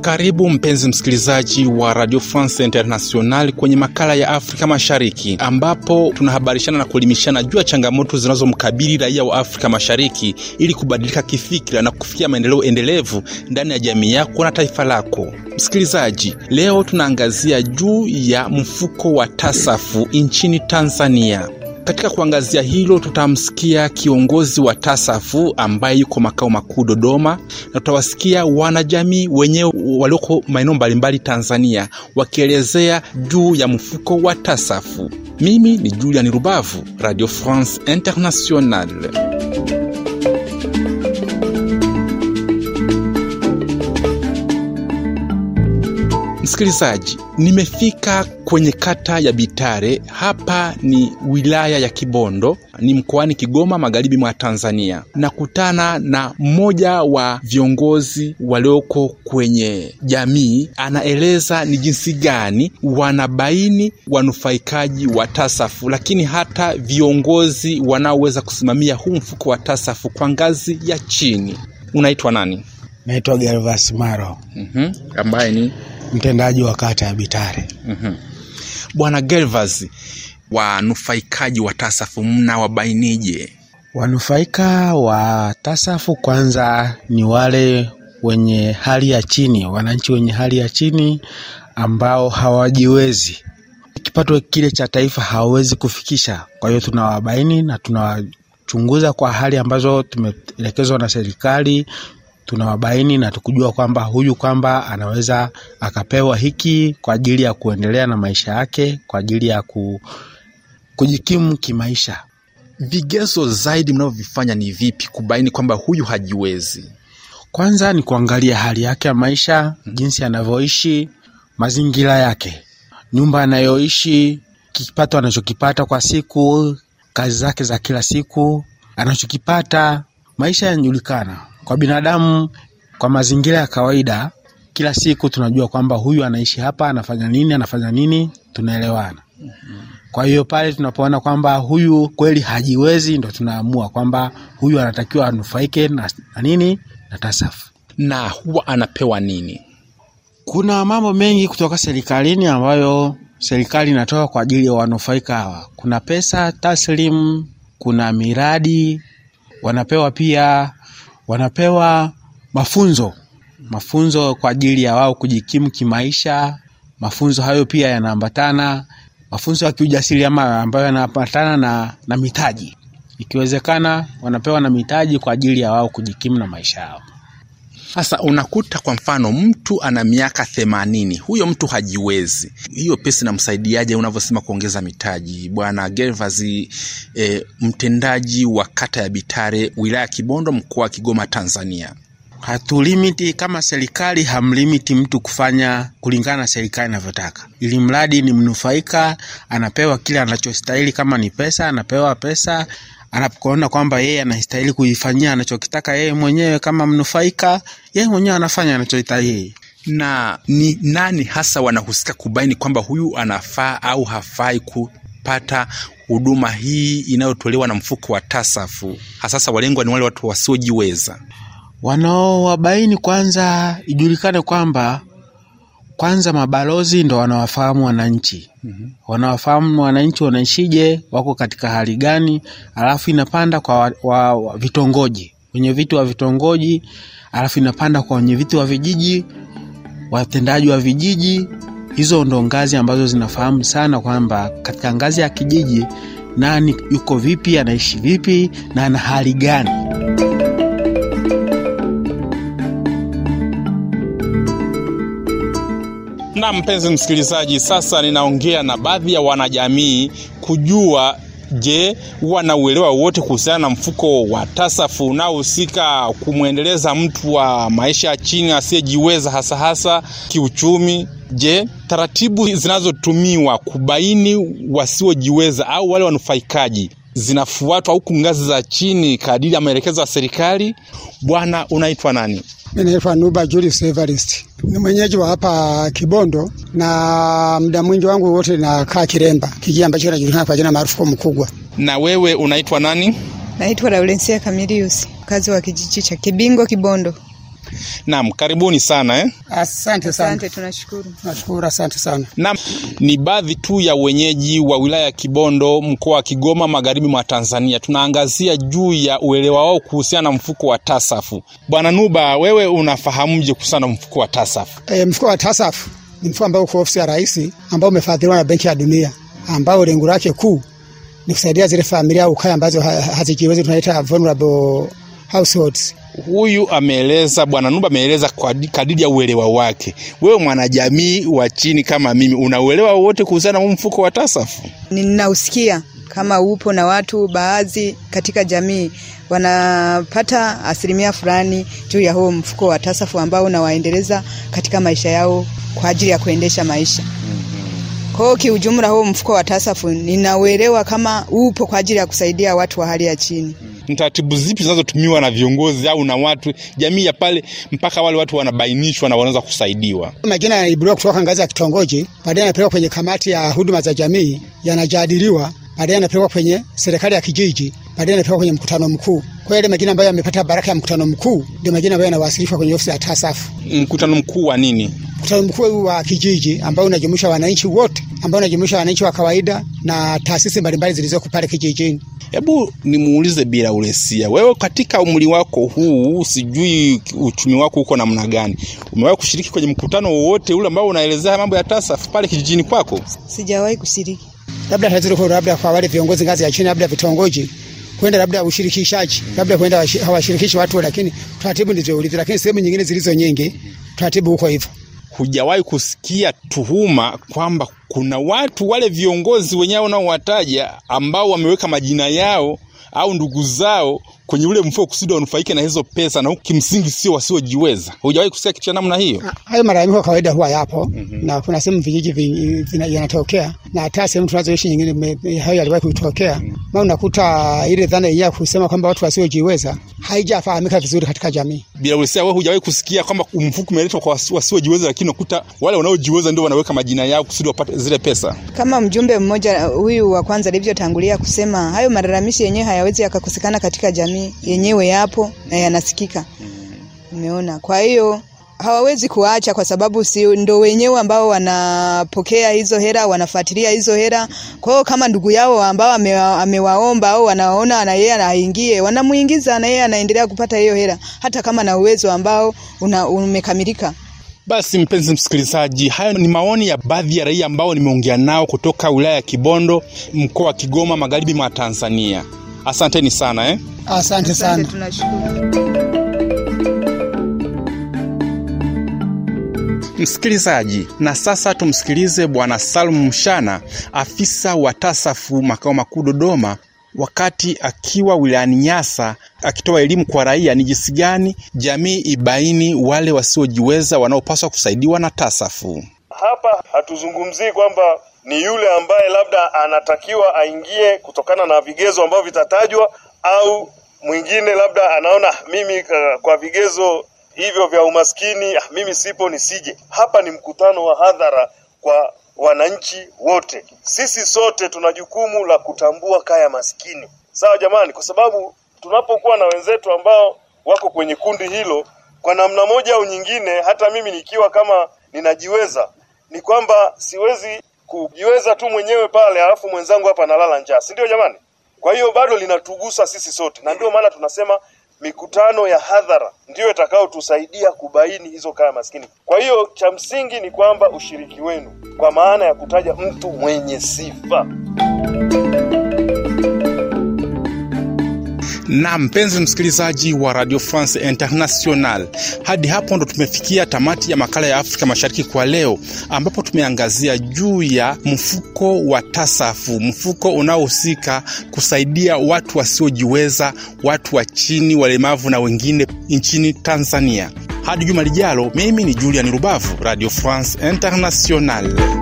Karibu mpenzi msikilizaji wa Radio France International kwenye makala ya Afrika Mashariki ambapo tunahabarishana na kuelimishana juu ya changamoto zinazomkabili raia wa Afrika Mashariki ili kubadilika kifikira na kufikia maendeleo endelevu ndani ya jamii yako na taifa lako. Msikilizaji, leo tunaangazia juu ya mfuko wa Tasafu nchini Tanzania. Katika kuangazia hilo, tutamsikia kiongozi wa Tasafu ambaye yuko makao makuu Dodoma, na tutawasikia wanajamii wenyewe walioko maeneo mbalimbali Tanzania wakielezea juu ya mfuko wa Tasafu. Mimi ni Julian Rubavu, Radio France Internationale. Msikilizaji, nimefika kwenye kata ya Bitare. Hapa ni wilaya ya Kibondo, ni mkoani Kigoma, magharibi mwa Tanzania. Nakutana na mmoja wa viongozi walioko kwenye jamii, anaeleza ni jinsi gani wanabaini wanufaikaji wa tasafu, lakini hata viongozi wanaoweza kusimamia huu mfuko wa tasafu kwa ngazi ya chini. Unaitwa nani? Naitwa Gervas Maro. mm -hmm. ambaye ni mtendaji wa kata ya Bitare. mm-hmm. Bwana Gervas, wanufaikaji wa tasafu mna wabainije? Wanufaika wa tasafu kwanza ni wale wenye hali ya chini, wananchi wenye hali ya chini ambao hawajiwezi, kipato kile cha taifa hawawezi kufikisha. Kwa hiyo tunawabaini na tunawachunguza kwa hali ambazo tumeelekezwa na serikali tunawabaini na tukujua kwamba huyu kwamba anaweza akapewa hiki kwa ajili ya kuendelea na maisha yake, kwa ajili ya ku, kujikimu kimaisha. Vigezo zaidi mnavyovifanya ni vipi kubaini kwamba huyu hajiwezi? Kwanza ni kuangalia hali yake ya maisha, jinsi anavyoishi, mazingira yake, nyumba anayoishi, kipato anachokipata kwa siku, kazi zake za kila siku, anachokipata maisha yanajulikana. Kwa binadamu, kwa mazingira ya kawaida, kila siku tunajua kwamba huyu anaishi hapa, anafanya nini, anafanya nini, tunaelewana. Kwa hiyo pale tunapoona kwamba huyu kweli hajiwezi, ndo tunaamua kwamba huyu anatakiwa anufaike na nini na tasafu. Na huwa anapewa nini? Kuna mambo mengi kutoka serikalini ambayo serikali inatoa kwa ajili ya wanufaika hawa. Kuna pesa taslim, kuna miradi wanapewa pia wanapewa mafunzo, mafunzo kwa ajili ya wao kujikimu kimaisha. Mafunzo hayo pia yanaambatana mafunzo ya kiujasiriamali ambayo yanaambatana na, na mitaji, ikiwezekana wanapewa na mitaji kwa ajili ya wao kujikimu na maisha yao. Sasa unakuta kwa mfano mtu ana miaka themanini, huyo mtu hajiwezi. Hiyo pesa inamsaidiaje? Unavyosema kuongeza mitaji, bwana Gervas e, eh, mtendaji wa kata ya Bitare, wilaya ya Kibondo, mkoa wa Kigoma, Tanzania. Hatulimiti kama serikali, hamlimiti mtu kufanya kulingana na serikali inavyotaka, ili mradi ni mnufaika anapewa kile anachostahili. Kama ni pesa, anapewa pesa anapoona kwamba yeye anastahili kuifanyia anachokitaka yeye mwenyewe kama mnufaika, yeye mwenyewe anafanya anachoita yeye. Na ni nani hasa wanahusika kubaini kwamba huyu anafaa au hafai kupata huduma hii inayotolewa na mfuko wa TASAFU? Hasasa walengwa ni wale watu wasiojiweza. Wanaowabaini kwanza, ijulikane kwamba kwanza mabalozi ndo wanawafahamu wananchi hmm wanawafahamu wananchi wanaishije, wako katika hali gani, alafu inapanda kwa wa, wa, wa, vitongoji wenye viti wa vitongoji, alafu inapanda kwa wenye viti wa vijiji, watendaji wa vijiji. Hizo ndo ngazi ambazo zinafahamu sana kwamba katika ngazi ya kijiji nani yuko vipi, anaishi vipi na ana hali gani. Na mpenzi msikilizaji, sasa ninaongea na baadhi ya wanajamii kujua Je, wanauelewa uelewa wote kuhusiana na mfuko wa tasafu unaohusika kumwendeleza mtu wa maisha ya chini asiyejiweza hasa hasa kiuchumi? Je, taratibu zinazotumiwa kubaini wasiojiweza au wale wanufaikaji zinafuatwa huku ngazi za chini kadiri ya maelekezo ya serikali. Bwana, unaitwa nani? Mimi naitwa Nuba Julius Evarist, ni mwenyeji wa hapa Kibondo na muda mwingi wangu wote nakaa Kiremba, kijiji ambacho kinajulikana kwa jina maarufu Mkugwa. Na wewe unaitwa nani? Naitwa Laurensia Kamilius, mkazi wa kijiji cha Kibingo Kibondo. Naam, karibuni sana eh? Asante sana. Asante, tunashukuru. Nashukuru, asante sana. Naam, ni baadhi tu ya wenyeji wa wilaya ya Kibondo mkoa wa Kigoma magharibi mwa Tanzania. Tunaangazia juu ya uelewa wao kuhusiana na mfuko wa Tasafu. Bwana Nuba, wewe unafahamuje kuhusiana na mfuko wa Tasafu? E, mfuko wa Tasafu ni mfuko ambao uko ofisi ya rais ambao umefadhiliwa na Benki ya Dunia ambao lengo lake kuu ni kusaidia zile familia ukaya ambazo hazijiwezi, tunaita vulnerable households huyu ameeleza, bwana Numba ameeleza kwa kadiri ya uelewa wake. Wewe mwanajamii wa chini kama mimi, unauelewa wote wowote kuhusiana na mfuko wa tasafu Ninausikia kama upo na watu baadhi katika jamii wanapata asilimia fulani juu ya huo mfuko wa tasafu ambao unawaendeleza katika maisha yao kwa ajili ya kuendesha maisha. Mhm. Kwa hiyo kiujumla, huo mfuko wa tasafu ninauelewa kama upo kwa ajili ya kusaidia watu wa hali ya chini ni taratibu zipi zinazotumiwa na viongozi au na watu jamii ya pale, mpaka wale watu wanabainishwa na wanaweza kusaidiwa. Majina yanaibuliwa kutoka ngazi ya kitongoji, baadaye yanapelekwa kwenye kamati ya huduma za jamii, yanajadiliwa, baadaye yanapelekwa kwenye serikali ya kijiji, baadaye yanapelekwa kwenye mkutano mkuu. Kwa yale majina ambayo yamepata baraka ya mkutano mkuu ndio majina ambayo yanawasilishwa kwenye ofisi ya TASAF. Mkutano mkuu wa nini? Mkutano mkuu wa kijiji ambao unajumuisha wananchi wote, ambao unajumuisha wananchi wa kawaida na taasisi mbalimbali zilizoko pale kijijini. Hebu nimuulize bila ulesia, wewe katika umri wako huu, sijui uchumi wako uko namna gani, umewahi kushiriki kwenye mkutano wowote ule ambao unaelezea mambo ya TASAF pale kijijini kwako? Sijawahi kushiriki. Labda tatizo kwa labda kwa wale viongozi ngazi ya chini, labda vitongoji kwenda labda ushirikishaji, labda kwenda hawashirikishi watu, lakini taratibu ndizo ulizo, lakini sehemu nyingine zilizo nyingi taratibu huko hivyo hujawahi kusikia tuhuma kwamba kuna watu wale viongozi wenyewe wanaowataja ambao wameweka majina yao au ndugu zao kwenye ule mfuko kusudi wanufaike na hizo pesa, na kimsingi sio wasiojiweza. Hujawahi kusikia kitu cha namna hiyo? Ah, hayo malalamiko kawaida huwa yapo mm -hmm. na kuna sehemu vijiji vinatokea na hata sehemu tunazoishi nyingine hayo yaliwahi kutokea mm -hmm. maana unakuta ile dhana ya kusema kwamba watu wasiojiweza haijafahamika vizuri katika jamii. Bila usia, wewe hujawahi kusikia kwamba mfuko umeletwa kwa wasiojiweza, lakini unakuta wale wanaojiweza ndio wanaweka majina yao kusudi wapate zile pesa. Kama mjumbe mmoja huyu wa kwanza alivyotangulia kusema, hayo malalamishi yenyewe hayawezi yakakosekana katika jamii nini yenyewe yapo na yanasikika mm-hmm. umeona kwa hiyo hawawezi kuacha kwa sababu si ndo wenyewe ambao wanapokea hizo hera wanafuatilia hizo hera mm-hmm. kwao kama ndugu yao ambao amewaomba au wanaona na yeye anaingie wanamuingiza na yeye anaendelea kupata hiyo hera hata kama na uwezo ambao una, umekamilika basi mpenzi msikilizaji, hayo ni maoni ya baadhi ya raia ambao nimeongea nao kutoka wilaya ya Kibondo, mkoa wa Kigoma, magharibi mwa Tanzania. Asanteni sana eh. Asante sana, tunashukuru. Msikilizaji, na sasa tumsikilize Bwana Salum Mshana, afisa wa TASAFU makao makuu Dodoma, wakati akiwa wilayani Nyasa akitoa elimu kwa raia ni jinsi gani jamii ibaini wale wasiojiweza wanaopaswa kusaidiwa na TASAFU. Hapa hatuzungumzii kwamba ni yule ambaye labda anatakiwa aingie kutokana na vigezo ambavyo vitatajwa au mwingine labda anaona mimi uh, kwa vigezo hivyo vya umaskini, ah, mimi sipo nisije. Hapa ni mkutano wa hadhara kwa wananchi wote. Sisi sote tuna jukumu la kutambua kaya maskini, sawa jamani, kwa sababu tunapokuwa na wenzetu ambao wako kwenye kundi hilo kwa namna moja au nyingine, hata mimi nikiwa kama ninajiweza, ni kwamba siwezi kujiweza tu mwenyewe pale, alafu mwenzangu hapa analala njaa, si ndio jamani? Kwa hiyo bado linatugusa sisi sote, na ndio maana tunasema mikutano ya hadhara ndiyo itakayotusaidia kubaini hizo kaya maskini. Kwa hiyo cha msingi ni kwamba ushiriki wenu, kwa maana ya kutaja mtu mwenye sifa na mpenzi msikilizaji wa Radio France International, hadi hapo ndo tumefikia tamati ya makala ya Afrika Mashariki kwa leo, ambapo tumeangazia juu ya mfuko wa Tasafu, mfuko unaohusika kusaidia watu wasiojiweza, watu wa chini, walemavu na wengine nchini Tanzania. Hadi juma lijalo, mimi ni Julian Rubavu, Radio France International.